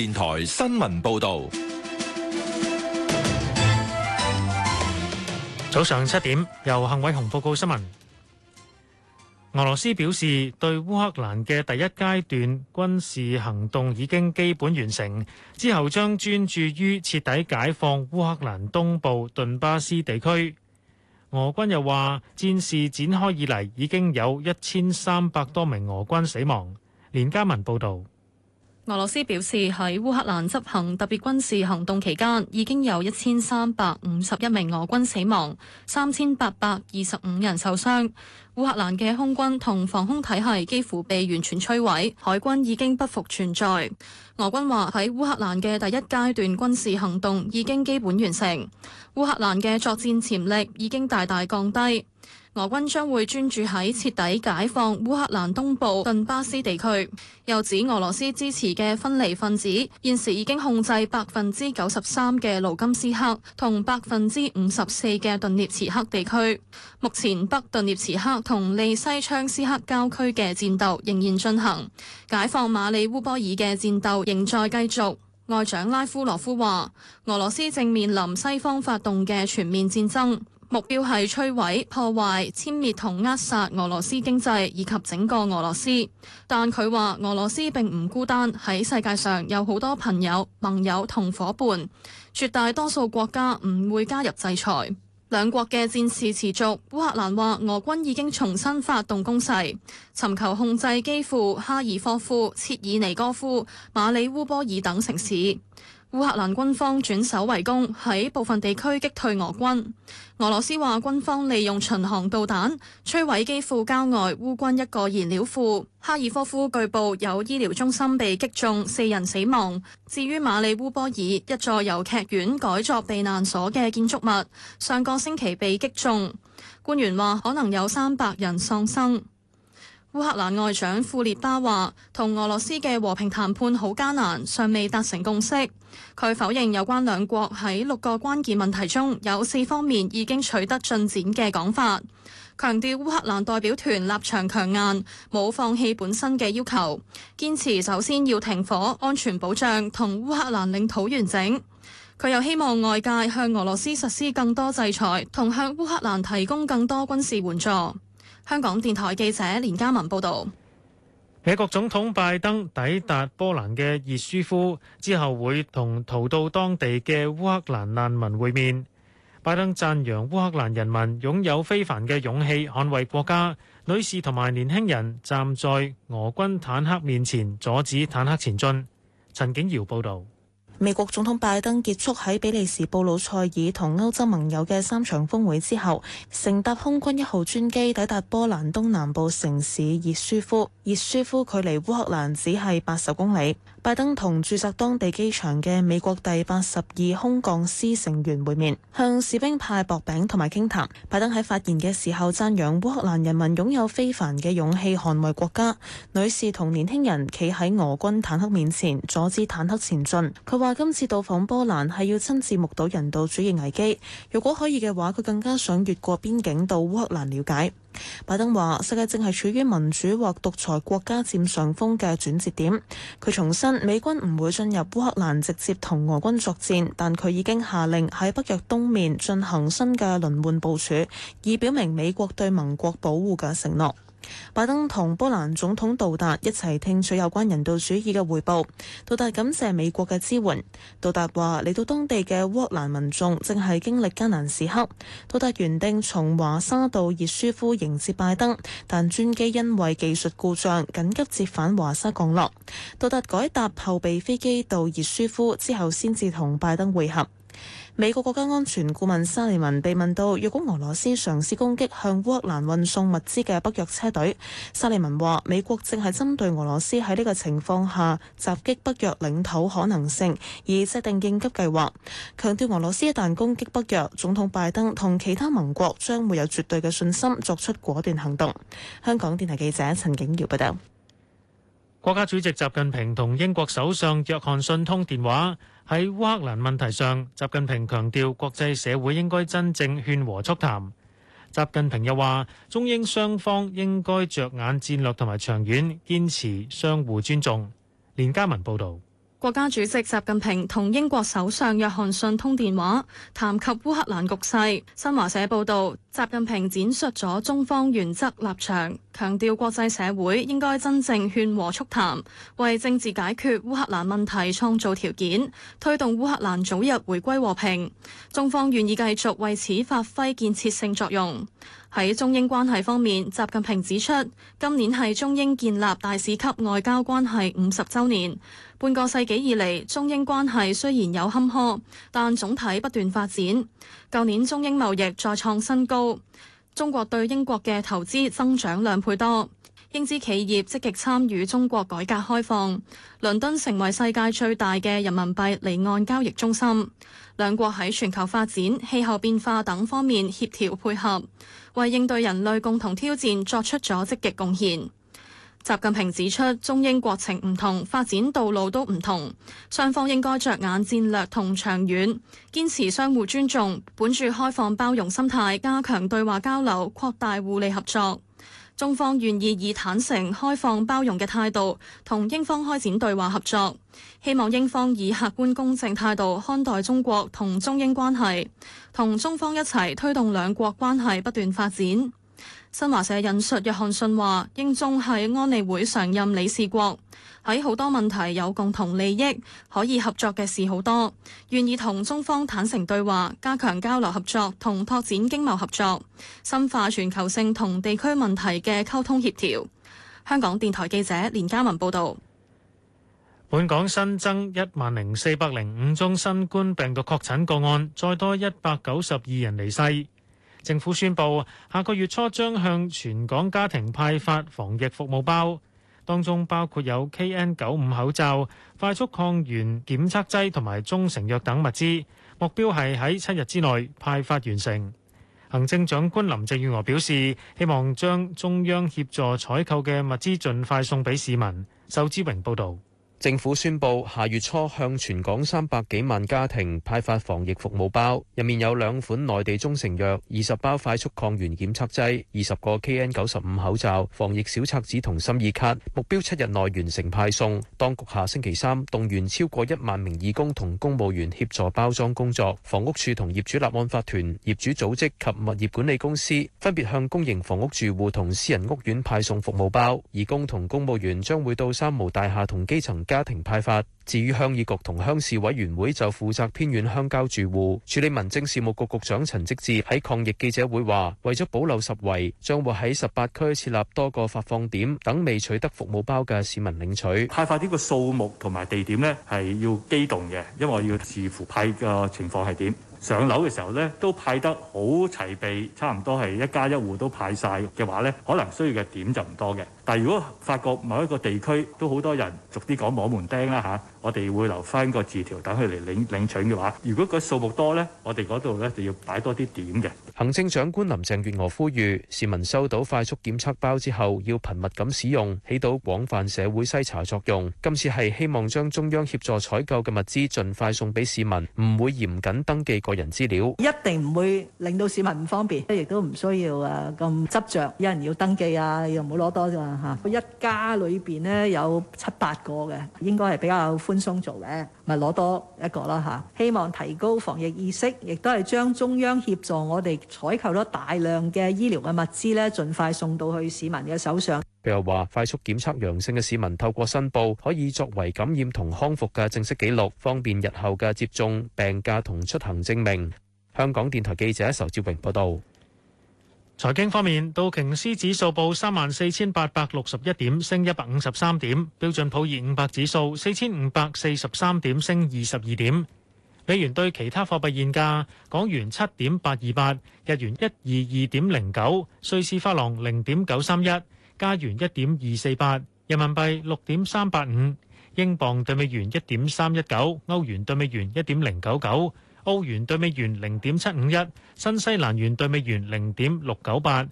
電台新聞報道，早上七點，由幸偉雄報告新聞。俄羅斯表示，對烏克蘭嘅第一階段軍事行動已經基本完成，之後將專注於徹底解放烏克蘭東部頓巴斯地區。俄軍又話，戰事展開以嚟已經有一千三百多名俄軍死亡。連家文報道。俄羅斯表示，喺烏克蘭執行特別軍事行動期間，已經有一千三百五十一名俄軍死亡，三千八百二十五人受傷。烏克蘭嘅空軍同防空體系幾乎被完全摧毀，海軍已經不復存在。俄軍話，喺烏克蘭嘅第一階段軍事行動已經基本完成，烏克蘭嘅作戰潛力已經大大降低。俄軍將會專注喺徹底解放烏克蘭東部頓巴斯地區。又指俄羅斯支持嘅分離分子現時已經控制百分之九十三嘅盧甘斯克同百分之五十四嘅頓涅茨克地區。目前北頓涅茨克同利西昌斯克郊區嘅戰鬥仍然進行，解放馬里烏波爾嘅戰鬥仍在繼續。外長拉夫羅夫話：俄羅斯正面臨西方發動嘅全面戰爭。目標係摧毀、破壞、殲滅同扼殺俄羅斯經濟以及整個俄羅斯。但佢話俄羅斯並唔孤單，喺世界上有好多朋友、盟友同伙伴。絕大多數國家唔會加入制裁。兩國嘅戰事持續。烏克蘭話俄軍已經重新發動攻勢，尋求控制基輔、哈爾科夫、切爾尼戈夫、馬里烏波爾等城市。烏克蘭軍方轉守為攻，喺部分地區擊退俄軍。俄羅斯話軍方利用巡航導彈摧毀基輔郊外烏軍一個燃料庫。哈爾科夫據報有醫療中心被擊中，四人死亡。至於馬里烏波爾，一座由劇院改作避難所嘅建築物上個星期被擊中，官員話可能有三百人喪生。烏克蘭外長庫列巴話：同俄羅斯嘅和平談判好艱難，尚未達成共識。佢否認有關兩國喺六個關鍵問題中有四方面已經取得進展嘅講法，強調烏克蘭代表團立場強硬，冇放棄本身嘅要求，堅持首先要停火、安全保障同烏克蘭領土完整。佢又希望外界向俄羅斯實施更多制裁，同向烏克蘭提供更多軍事援助。香港電台記者連嘉文報道，美國總統拜登抵達波蘭嘅熱舒夫之後，會同逃到當地嘅烏克蘭難民會面。拜登讚揚烏克蘭人民擁有非凡嘅勇氣捍衛國家，女士同埋年輕人站在俄軍坦克面前阻止坦克前進。陳景瑤報道。美國總統拜登結束喺比利時布魯塞爾同歐洲盟友嘅三場峰會之後，乘搭空軍一號專機抵達波蘭東南部城市熱舒夫。熱舒夫距離烏克蘭只係八十公里。拜登同駐紮當地機場嘅美國第八十二空降師成員會面，向士兵派薄餅同埋傾談。拜登喺發言嘅時候讚揚烏克蘭人民擁有非凡嘅勇氣捍衛國家，女士同年輕人企喺俄軍坦克面前阻止坦克前進。佢話今次到訪波蘭係要親自目睹人道主義危機，如果可以嘅話，佢更加想越過邊境到烏克蘭了解。拜登話：世界正係處於民主或獨裁國家佔上風嘅轉折點。佢重申，美軍唔會進入烏克蘭直接同俄軍作戰，但佢已經下令喺北約東面進行新嘅輪換部署，以表明美國對盟國保護嘅承諾。拜登同波蘭總統杜達一齊聽取有關人道主義嘅匯報。杜達感謝美國嘅支援。杜達話嚟到當地嘅烏克蘭民眾正係經歷艱難時刻。杜達原定從華沙到熱舒夫迎接拜登，但專機因為技術故障緊急折返華沙降落。杜達改搭後備飛機到熱舒夫之後，先至同拜登會合。美國國家安全顧問沙利文被問到若果俄羅斯嘗試攻擊向烏克蘭運送物資嘅北約車隊，沙利文話：美國正係針對俄羅斯喺呢個情況下襲擊北約領土可能性而制定應急計劃，強調俄羅斯一旦攻擊北約，總統拜登同其他盟國將會有絕對嘅信心作出果斷行動。香港電台記者陳景瑤報道。國家主席習近平同英國首相約翰遜通電話。喺烏克蘭問題上，習近平強調國際社會應該真正勸和促談。習近平又話，中英雙方應該着眼戰略同埋長遠，堅持相互尊重。連家文報導。國家主席習近平同英國首相約翰遜通電話，談及烏克蘭局勢。新華社報道，習近平闡述咗中方原則立場，強調國際社會應該真正勸和促談，為政治解決烏克蘭問題創造條件，推動烏克蘭早日回歸和平。中方願意繼續為此發揮建設性作用。喺中英關係方面，習近平指出，今年係中英建立大使級外交關係五十周年。半個世紀以嚟，中英關係雖然有坎坷，但總體不斷發展。舊年中英貿易再創新高，中國對英國嘅投資增長兩倍多。英資企業積極參與中國改革開放，倫敦成為世界最大嘅人民幣離岸交易中心。兩國喺全球發展、氣候變化等方面協調配合，為應對人類共同挑戰作出咗積極貢獻。習近平指出，中英國情唔同，發展道路都唔同，雙方應該着眼戰略同長遠，堅持相互尊重，本住開放包容心態，加強對話交流，擴大互利合作。中方願意以坦誠、開放、包容嘅態度，同英方開展對話合作，希望英方以客觀公正態度看待中國同中英關係，同中方一齊推動兩國關係不斷發展。新華社引述約翰遜話：英中係安理會常任理事國，喺好多問題有共同利益，可以合作嘅事好多，願意同中方坦誠對話，加強交流合作同拓展經貿合作，深化全球性同地區問題嘅溝通協調。香港電台記者連嘉文報道：本港新增一萬零四百零五宗新冠病毒確診個案，再多一百九十二人離世。政府宣布，下個月初將向全港家庭派發防疫服務包，當中包括有 KN95 口罩、快速抗原檢測劑同埋中成藥等物資，目標係喺七日之內派發完成。行政長官林鄭月娥表示，希望將中央協助採購嘅物資盡快送俾市民。仇之榮報導。政府宣布下月初向全港三百幾萬家庭派發防疫服務包，入面有兩款內地中成藥、二十包快速抗原檢測劑、二十個 KN 九十五口罩、防疫小冊子同心意卡。目標七日內完成派送。當局下星期三動員超過一萬名義工同公務員協助包裝工作。房屋署同業主立案法團、業主組織及物業管理公司分別向公營房屋住戶同私人屋苑派送服務包。義工同公務員將會到三毛大廈同基層家庭派發。至於鄉議局同鄉事委員會就負責偏遠鄉郊住戶處理民政事務局局長陳積志喺抗疫記者會話：為咗保留實惠，將會喺十八區設立多個發放點，等未取得服務包嘅市民領取。派發啲個數目同埋地點呢係要機動嘅，因為要視乎派嘅情況係點。上樓嘅時候呢都派得好齊備，差唔多係一家一戶都派曬嘅話呢，可能需要嘅點就唔多嘅。但係如果發覺某一個地區都好多人逐啲講摸門釘啦嚇。我哋會留翻個字條，等佢嚟領領取嘅話，如果個數目多呢，我哋嗰度呢就要擺多啲點嘅。行政長官林鄭月娥呼籲市民收到快速檢測包之後，要頻密咁使用，起到廣泛社會篩查作用。今次係希望將中央協助採購嘅物資盡快送俾市民，唔會嚴謹登記個人資料，一定唔會令到市民唔方便，亦都唔需要啊咁執著有人要登記啊，又唔好攞多咋嘛嚇。我一家裏邊呢有七八個嘅，應該係比較，寬鬆做嘅，咪攞多一個啦吓。希望提高防疫意識，亦都係將中央協助我哋採購咗大量嘅醫療嘅物資呢，盡快送到去市民嘅手上。佢又話，快速檢測陽性嘅市民透過申報，可以作為感染同康復嘅正式記錄，方便日後嘅接種、病假同出行證明。香港電台記者仇志榮報道。財經方面，道瓊斯指數報三萬四千八百六十一點，升一百五十三點；標準普爾五百指數四千五百四十三點，升二十二點。美元對其他貨幣現價：港元七點八二八，日元一二二點零九，瑞士法郎零點九三一，加元一點二四八，人民幣六點三八五，英鎊對美元一點三一九，歐元對美元一點零九九。歐元對美元零點七五一，新西蘭元對美元零點六九八，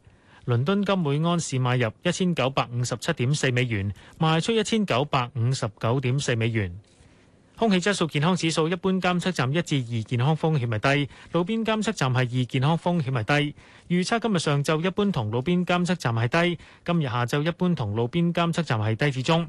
倫敦金每安士買入一千九百五十七點四美元，賣出一千九百五十九點四美元。空氣質素健康指數一般監測站一至二健康風險係低，路邊監測站係二健康風險係低。預測今日上晝一般同路邊監測站係低，今日下晝一般同路邊監測站係低至中。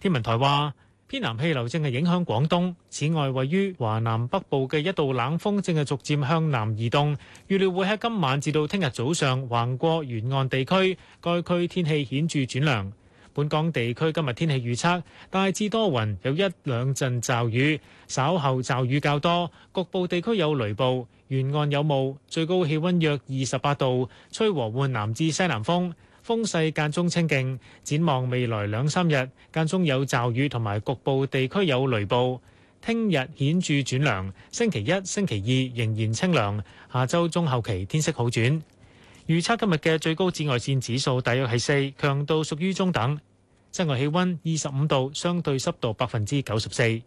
天文台話，偏南氣流正係影響廣東。此外，位於華南北部嘅一道冷鋒正係逐漸向南移動，預料會喺今晚至到聽日早上橫過沿岸地區，該區天氣顯著轉涼。本港地區今日天氣預測，大致多雲，有一兩陣驟雨，稍後驟雨較多，局部地區有雷暴，沿岸有霧，最高氣溫約二十八度，吹和緩南至西南風。風勢間中清勁，展望未來兩三日間中有驟雨同埋局部地區有雷暴。聽日顯著轉涼，星期一、星期二仍然清涼。下周中後期天色好轉。預測今日嘅最高紫外線指數大約係四，強度屬於中等。室外氣溫二十五度，相對濕度百分之九十四。